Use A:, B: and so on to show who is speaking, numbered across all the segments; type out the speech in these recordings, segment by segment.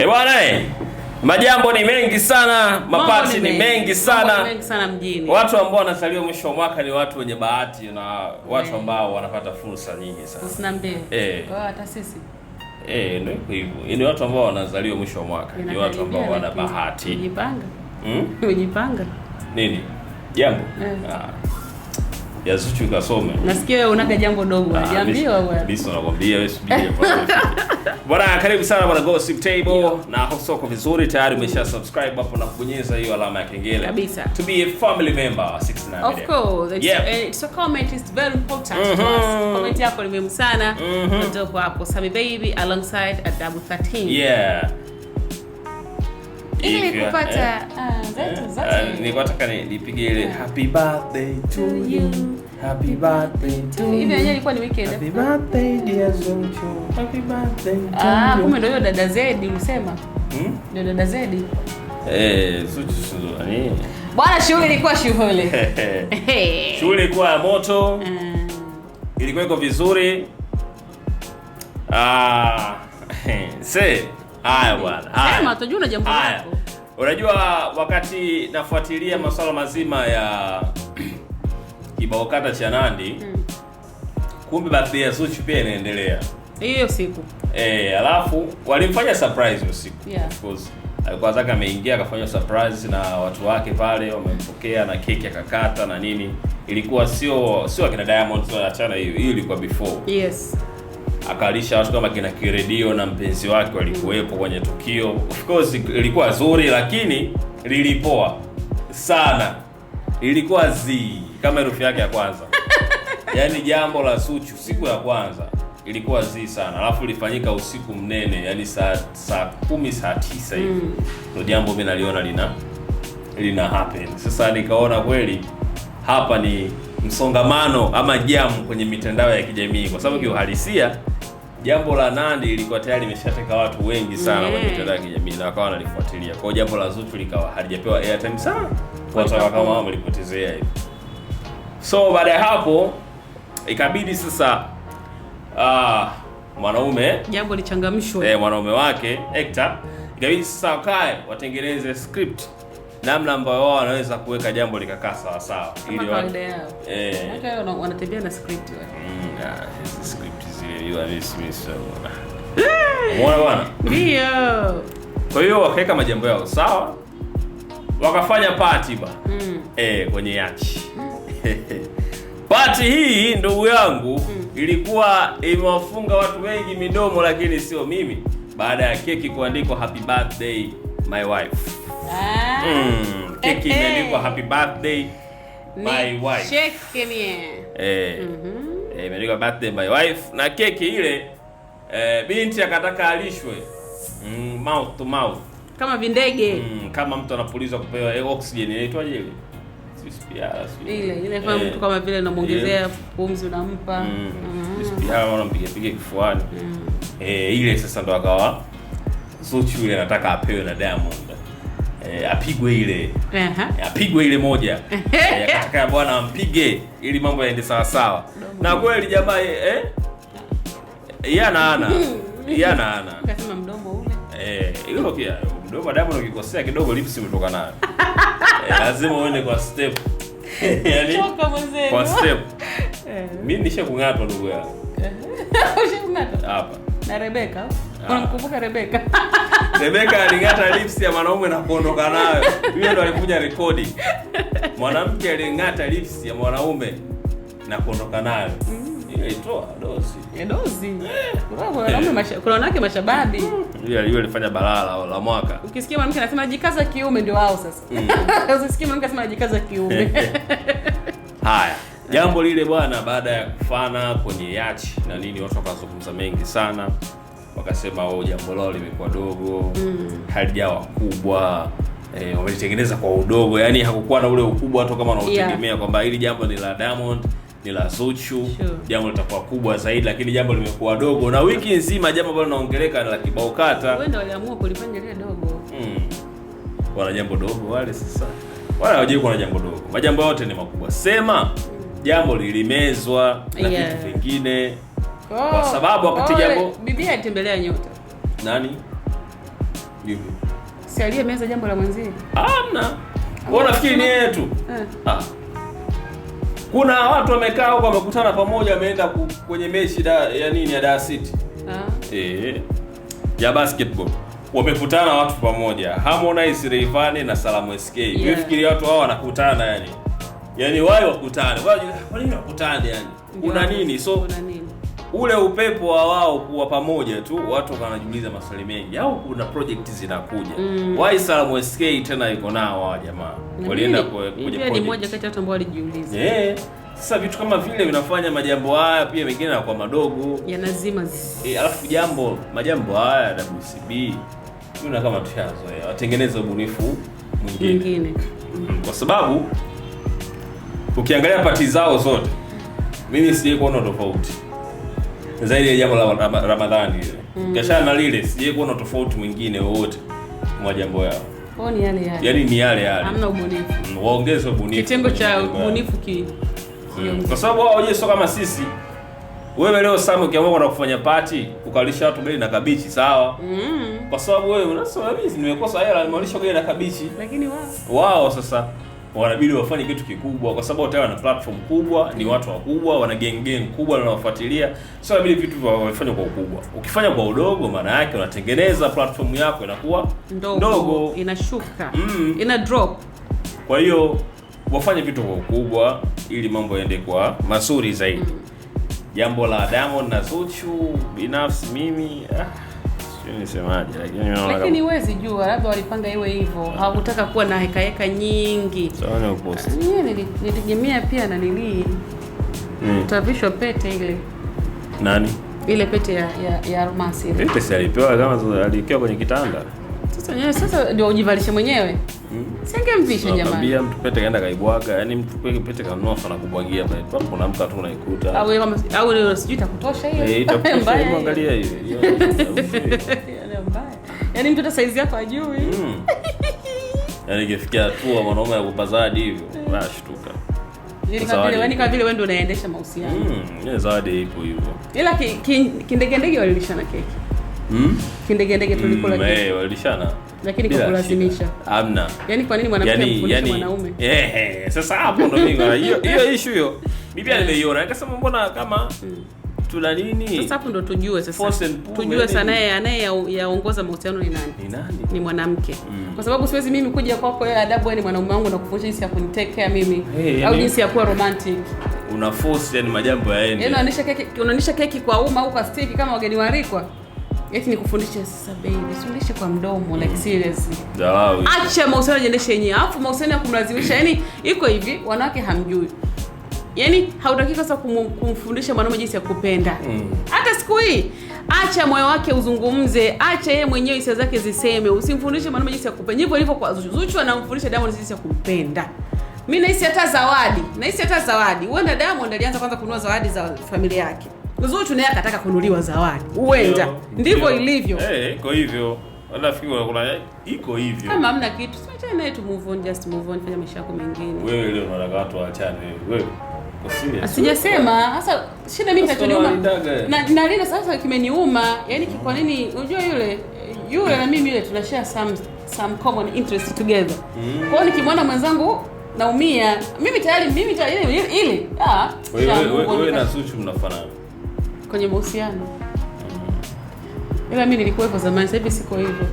A: Eh, bwana eh. Majambo ni mengi sana,
B: mapati ni, mengi sana. Mengi sana mjini.
A: Watu ambao wanazaliwa mwisho wa mwaka ni watu wenye bahati na watu ambao wanapata fursa nyingi sana.
B: Usiniambie. Eh. Kwa hata sisi.
A: Eh, ndio hivyo. Ni watu ambao wanazaliwa mwisho wa mwaka, ni watu ambao wana bahati. Unajipanga? Mm?
B: Unajipanga?
A: Nini? Jambo. Yeah. Ah ya Zuchu kasome.
B: Nasikia wewe unaga jambo dogo, unajiambia ah, wewe.
A: Mimi nakwambia wewe subiri Bwana karibu sana bwana Gossip Table Yo. na hoso kwa vizuri tayari umesha subscribe hapo na kubonyeza hiyo alama ya kengele. Kabisa. To be a family member 69.
B: Of course. It's, yeah. Eh, uh, it's a comment is very important mm -hmm. to mm-hmm. us. Comment yako ni muhimu sana. Mm -hmm. Ndio hapo Sami Baby alongside at 13.
A: Yeah.
B: Eh. Ah, eh, eh,
A: nilikuwa nataka nipige ile happy birthday to you,
B: kumbe ndio dada Zedi ulisema. Hmm? Ndio dada Zedi. Bwana, shughuli ilikuwa shughuli.
A: Shughuli ilikuwa ya moto. Ah. Ilikuwa iko vizuri. Ah, se haya bwana.
B: Haya. Sema, jambo
A: lako. Unajua, wakati nafuatilia masuala mazima ya kibao kata cha Nandy mm. kumbe birthday ya Zuchu pia inaendelea
B: hiyo siku
A: eh, alafu walimfanya surprise hiyo siku yeah. of course alikuwa zaka ameingia akafanya surprise na watu wake pale wamempokea na keki akakata na nini, ilikuwa sio sio akina Diamond, tunaachana hiyo hiyo, ilikuwa before yes akalisha watu kama kina Kiredio na mpenzi wake walikuwepo kwenye tukio. Of course ilikuwa zuri, lakini lilipoa sana, ilikuwa zi kama herufi yake ya kwanza yaani jambo la Suchu siku ya kwanza ilikuwa zii sana, alafu ilifanyika usiku mnene, yani saa saa kumi saa tisa hivi mm. Ndio jambo mi naliona lina lina happen. Sasa nikaona kweli hapa ni msongamano ama jamu kwenye mitandao ya kijamii, kwa sababu kiuhalisia jambo la nandi lilikuwa tayari limeshateka watu wengi sana kwenye mm. mitandao ya kijamii na wakawa wanalifuatilia. Kwa jambo la Zuchu likawa halijapewa airtime sana, watawa kama wao walipotezea hivi. So baada ya hapo ikabidi sasa uh, mwanaume
B: jambo lichangamshwe
A: eh, mwanaume wake Hector ikabidi sasa wakae watengeneze script namna ambayo wao wanaweza kuweka jambo likakaa sawa sawa, ili wao eh,
B: hata wanatembea na script wao.
A: Mm, ah, script zile bwana?
B: Ndio.
A: Kwa hiyo wakaweka majambo yao sawa, wakafanya party ba mm. eh, kwenye yachi party hii ndugu yangu mm. ilikuwa imewafunga watu wengi midomo, lakini sio mimi, baada ya keki kuandikwa happy birthday my wife Ah. Mm, keki eh, imeandikwa eh. happy birthday my wife.
B: Cheki nie. Eh. Eh,
A: mhm. eh birthday my wife na keki ile eh, binti akataka alishwe mm, mouth to mouth
B: kama vindege mm,
A: kama mtu anapulizwa kupewa eh, oxygen inaitwaje ile?
B: Ile ile mtu kama vile unamwongezea pumzi unampa. Mm.
A: Ah. kifuani. Mm. ile sasa ndo akawa Zuchu ile anataka apewe na Diamond. E, apigwe ile uh eh, -huh. Apigwe ile moja e, bwana ampige ili mambo yaende sawa sawa, na kweli jamaa eh, yana ana yana ana
B: kasema mdomo ule
A: eh, hilo kia mdomo damu ukikosea kidogo lips umetoka nayo lazima uende kwa step yani, kwa step mimi nisha kung'atwa ndugu yangu hapa
B: na Rebeka Ah. Unamkumbuka Rebeka?
A: Rebeka aling'ata lips ya mwanaume na kuondoka nayo. Yule ndo alikuja rekodi. Mwanamke aling'ata lips ya mwanaume na kuondoka nayo. Mm. Eh.
B: wanawake mashababi. Mm.
A: Yule alifanya balaa la mwaka.
B: Ukisikia mwanamke anasema jikaza kiume ndio wao sasa. Mm. Usisikie mwanamke anasema jikaza kiume.
A: Haya. Jambo lile bwana, baada ya kufana kwenye yachi na nini, watu wakazungumza mengi sana wakasema o oh, jambo lao limekuwa dogo mm. halijawa kubwa e, eh, wamelitengeneza kwa udogo, yani hakukuwa na ule ukubwa hata kama wanaotegemea yeah. kwamba hili jambo ni la Diamond ni la Zuchu sure. jambo litakuwa kubwa zaidi, lakini jambo limekuwa dogo, na wiki nzima jambo ambalo linaongeleka la kibao kata,
B: wenda waliamua kulifanya dogo hmm.
A: wana jambo dogo wale sasa, wala hawajui kuna jambo dogo, majambo yote ni makubwa. Sema hmm. jambo lilimezwa na yeah. vitu oh, kwa sababu wakati jambo
B: bibi alitembelea nyota.
A: Nani? Yupi?
B: Si meza jambo la mwenzie?
A: Hamna. Wewe nafikiri ni yeye tu? Eh. Ah. Kuna watu wamekaa huko wamekutana pamoja wameenda kwenye mechi da, ya nini ya Dar City. Ah. Eh. Ya basketball. Wamekutana watu pamoja. Harmonize, Rayvanny na Salamu SK. Yeah. Unafikiri watu hao wanakutana yani? yani wao wakutane. wao nini wakutane yani? Una nini? So una nini? ule upepo wa wao kuwa pamoja tu, watu wanajiuliza maswali mengi, au kuna project zinakuja mm. Waislamu SK tena iko nao hawa jamaa walienda
B: ni moja kati ya watu ambao walijiuliza
A: yeah. Sasa vitu kama vile vinafanya majambo haya pia mengine kwa madogo yanazima e, alafu jambo majambo haya WCB una kama tushazoea, watengeneze ubunifu mwingine mwingine mm, kwa sababu ukiangalia pati zao zote mimi sijaikuona tofauti zaidi ya jambo la Ramadhani ile mm. Kiachana na lile sije kuona tofauti mwingine wowote mwa jambo yao. Ni yale yale. Yaani ni yale yale.
B: Hamna ubunifu.
A: Mm, waongeze ubunifu.
B: Kitengo cha ubunifu ki.
A: Hmm. Kwa sababu wao wenyewe sio kama sisi. Wewe leo Sam ukiamua kwenda kufanya party, ukalisha watu gari na kabichi sawa? Mm. Kwa sababu wewe unasema mimi nimekosa hela, nimalisha gari na kabichi. Lakini wao. Wao sasa wanabidi wafanye kitu kikubwa, kwa sababu tayari wana platform kubwa, ni watu wakubwa, wana gang gang kubwa na wanafuatilia, sio inabidi vitu wafanye kwa ukubwa. Ukifanya kwa udogo, maana yake unatengeneza platform yako inakuwa
B: ndogo, inashuka mm. ina drop.
A: Kwa hiyo wafanye vitu kwa ukubwa ili mambo yaende kwa mazuri zaidi. mm. Jambo la Diamond na Zuchu binafsi mimi ah nisemaje, lakini
B: naona lakini huwezi jua, labda walipanga iwe hivyo, ah. hawakutaka kuwa na heka heka nyingi. nilitegemea pia na nilii utavishwa pete ile nani ile pete ya ya, ya almasi
A: ile pete alipewa kama alikiwa kwenye kitanda
B: sasa nyewe eh, sasa ndio ujivalishe mwenyewe. Mm. Singemvisha
A: jamani. Nakwambia mtu pete kaenda kaibwaga, yani mtu pete pete kanunua sana kubwagia pale. Tu kuna unaamka tu unaikuta.
B: Au kama au leo sijui itakutosha hiyo. Eh,
A: itakutosha hiyo angalia hiyo. Yaani
B: mbaya. Yaani mtu ta size yako ajui. Mm.
A: Yaani ingefikia hatua mwanaume ya akupazadi hivyo. Unashtuka. Hmm.
B: Yaani kama vile wani kama vile wewe ndio unaendesha mahusiano. Mm,
A: Yeye yaani zawadi ipo hivyo.
B: Ila kindegedege walilishana keki. Mm? Kindegedege
A: tulikula mm, hey, eh, walishana.
B: Lakini kwa kulazimisha. Hamna. Yaani kwa nini yaani,
A: mwanamke yani, yani, mwanaume? yeah, sasa hapo ndo mimi hiyo hiyo issue hiyo. Biblia yeah. Nimeiona. mbona kama hmm. tuna nini?
B: Sasa hapo ndo tujue sasa. Tujue yaani sana yeye anayeyaongoza mahusiano ni nani? Ni nani? Ni mwanamke. Mm. Kwa sababu siwezi mimi kuja kwako yeye adabu wewe ni mwanaume wangu na kufundisha jinsi ya kunitake care mimi hey, eh, yaani au jinsi ya kuwa romantic.
A: Una force yani majambo yaende.
B: Yaani unanisha keki, unanisha keki kwa umma au kwa stiki kama wageni waalikwa. Eti nikufundishe sasa baby, sifundishe kwa mdomo like seriously. Dawi. Acha mahusiano yajiendeshe yenyewe. Alafu mahusiano ya kumlazimisha, yani iko hivi, wanawake hamjui. Yaani hautaki sasa kumfundisha mwanaume jinsi ya kupenda. Mm. Hata siku hii acha moyo wake uzungumze, acha yeye mwenyewe hisia zake ziseme. Usimfundishe mwanaume jinsi ya kupenda. Hivyo hivyo kwa Zuchu anamfundisha Diamond jinsi ya kumpenda. Mimi nahisi hata zawadi, nahisi hata zawadi. Huenda Diamond alianza kwanza kununua zawadi za familia yake. Zuchu naye akataka kunuliwa zawadi, huenda ndivyo ilivyo.
A: Hey, eh, iko hivyo iko hivyo,
B: kama hamna kitu siachane naye tu, move on, just move on, fanya maisha yako mengine.
A: Wewe leo unataka watu waachane wewe?
B: Sijasema sasa, shida mimi kinachoniuma na na lile sasa kimeniuma, yani kwa nini? Unajua yule yule na mimi yule tuna share some some common interest together. mm. Kwa hiyo nikimwona mwenzangu naumia mimi tayari, mimi tayari ile ile. Ah,
A: wewe wewe na Zuchu mnafanana
B: kwenye mahusiano, ila mi nilikuwa hivyo zamani, sasa hivi siko hivyo.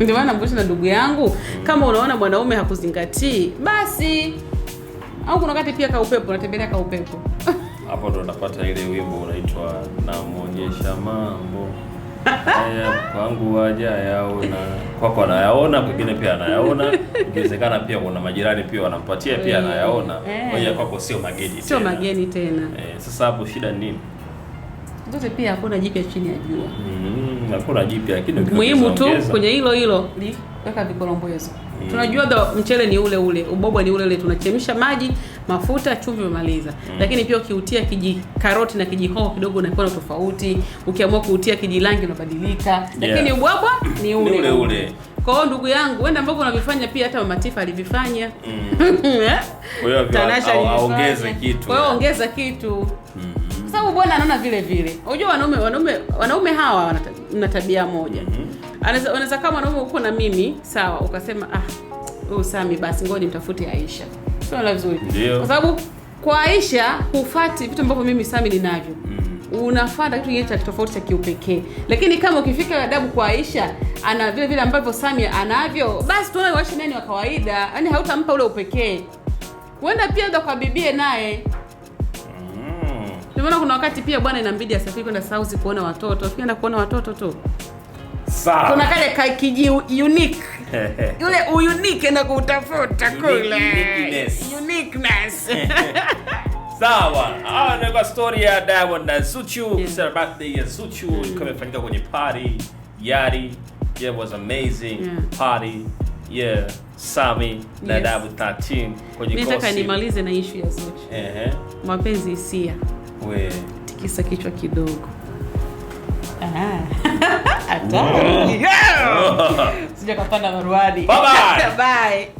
B: Ndio maana nambushi na ndugu yangu, kama unaona mwanaume hakuzingatii basi, au kuna wakati pia kaupepo, natembelea kaupepo
A: hapo ndo napata ile wimbo unaitwa namwonyesha mambo haya kwangu waja yaona kwako, anayaona pengine pia anayaona, ikiwezekana pia kuna majirani pia wanampatia pia anayaona, moja eh. kwako sio mageni, sio
B: mageni tena. Eh,
A: sasa hapo shida ni nini?
B: zote pia, hakuna jipya chini ya jua. Mm,
A: hakuna jipya, lakini
B: muhimu tu kwenye hilo hilo weka vikorombozo. Mm. Tunajua da mchele ni ule ule, ubobwa ni ule ule, tunachemsha maji, mafuta, chumvi umemaliza. Mm. Lakini pia ukiutia kiji karoti na kiji hoho kidogo unakuwa na tofauti. Ukiamua kuutia kiji rangi unabadilika. Lakini yeah, ubobwa
A: ni ule ni ule. ule.
B: Kwa hiyo ndugu yangu, wenda ambavyo unavifanya pia hata Mama alivifanya. Mm.
A: Eh? hiyo ongeza kitu. Kwa hiyo
B: ongeza kitu. Mm kwa sababu bwana anaona vile vile. Unajua wanaume wanaume wanaume hawa wana tabia moja. Mhm. Anaweza anaweza kama wanaume uko na mimi sawa, ukasema ah, huyu Sami basi ngoja nimtafute Aisha. Sio la vizuri. Kwa sababu kwa Aisha hufati vitu ambavyo mimi Sami ninavyo. Mm. Unafuata kitu kingine cha tofauti cha kiupekee. Lakini kama ukifika adabu kwa Aisha ana vile vile ambavyo Sami anavyo, basi tunaona Aisha nani wa kawaida, yani hautampa ule upekee. Huenda pia ndo kwa bibie naye ndio maana kuna wakati pia bwana inabidi asafiri kwenda South kuona watoto, tukienda kuona watoto tu. Sawa. Kuna kale ka kiji unique. Yule unique na kutafuta kule. Uniqueness.
A: Sawa. Ah, na kwa story ya Diamond na Zuchu, yeah. birthday ya Zuchu mm. kama imefanyika kwenye party Yari. Yeah, was amazing yeah. party. Yeah, Sami na yes. Dabu 13
B: kwenye kosi. Nataka nimalize na issue ya Zuchu. Eh uh -huh. Mapenzi hisia. We. Tikisa kichwa kidogo. Ah. Sija maruadi. Bye bye. Bye.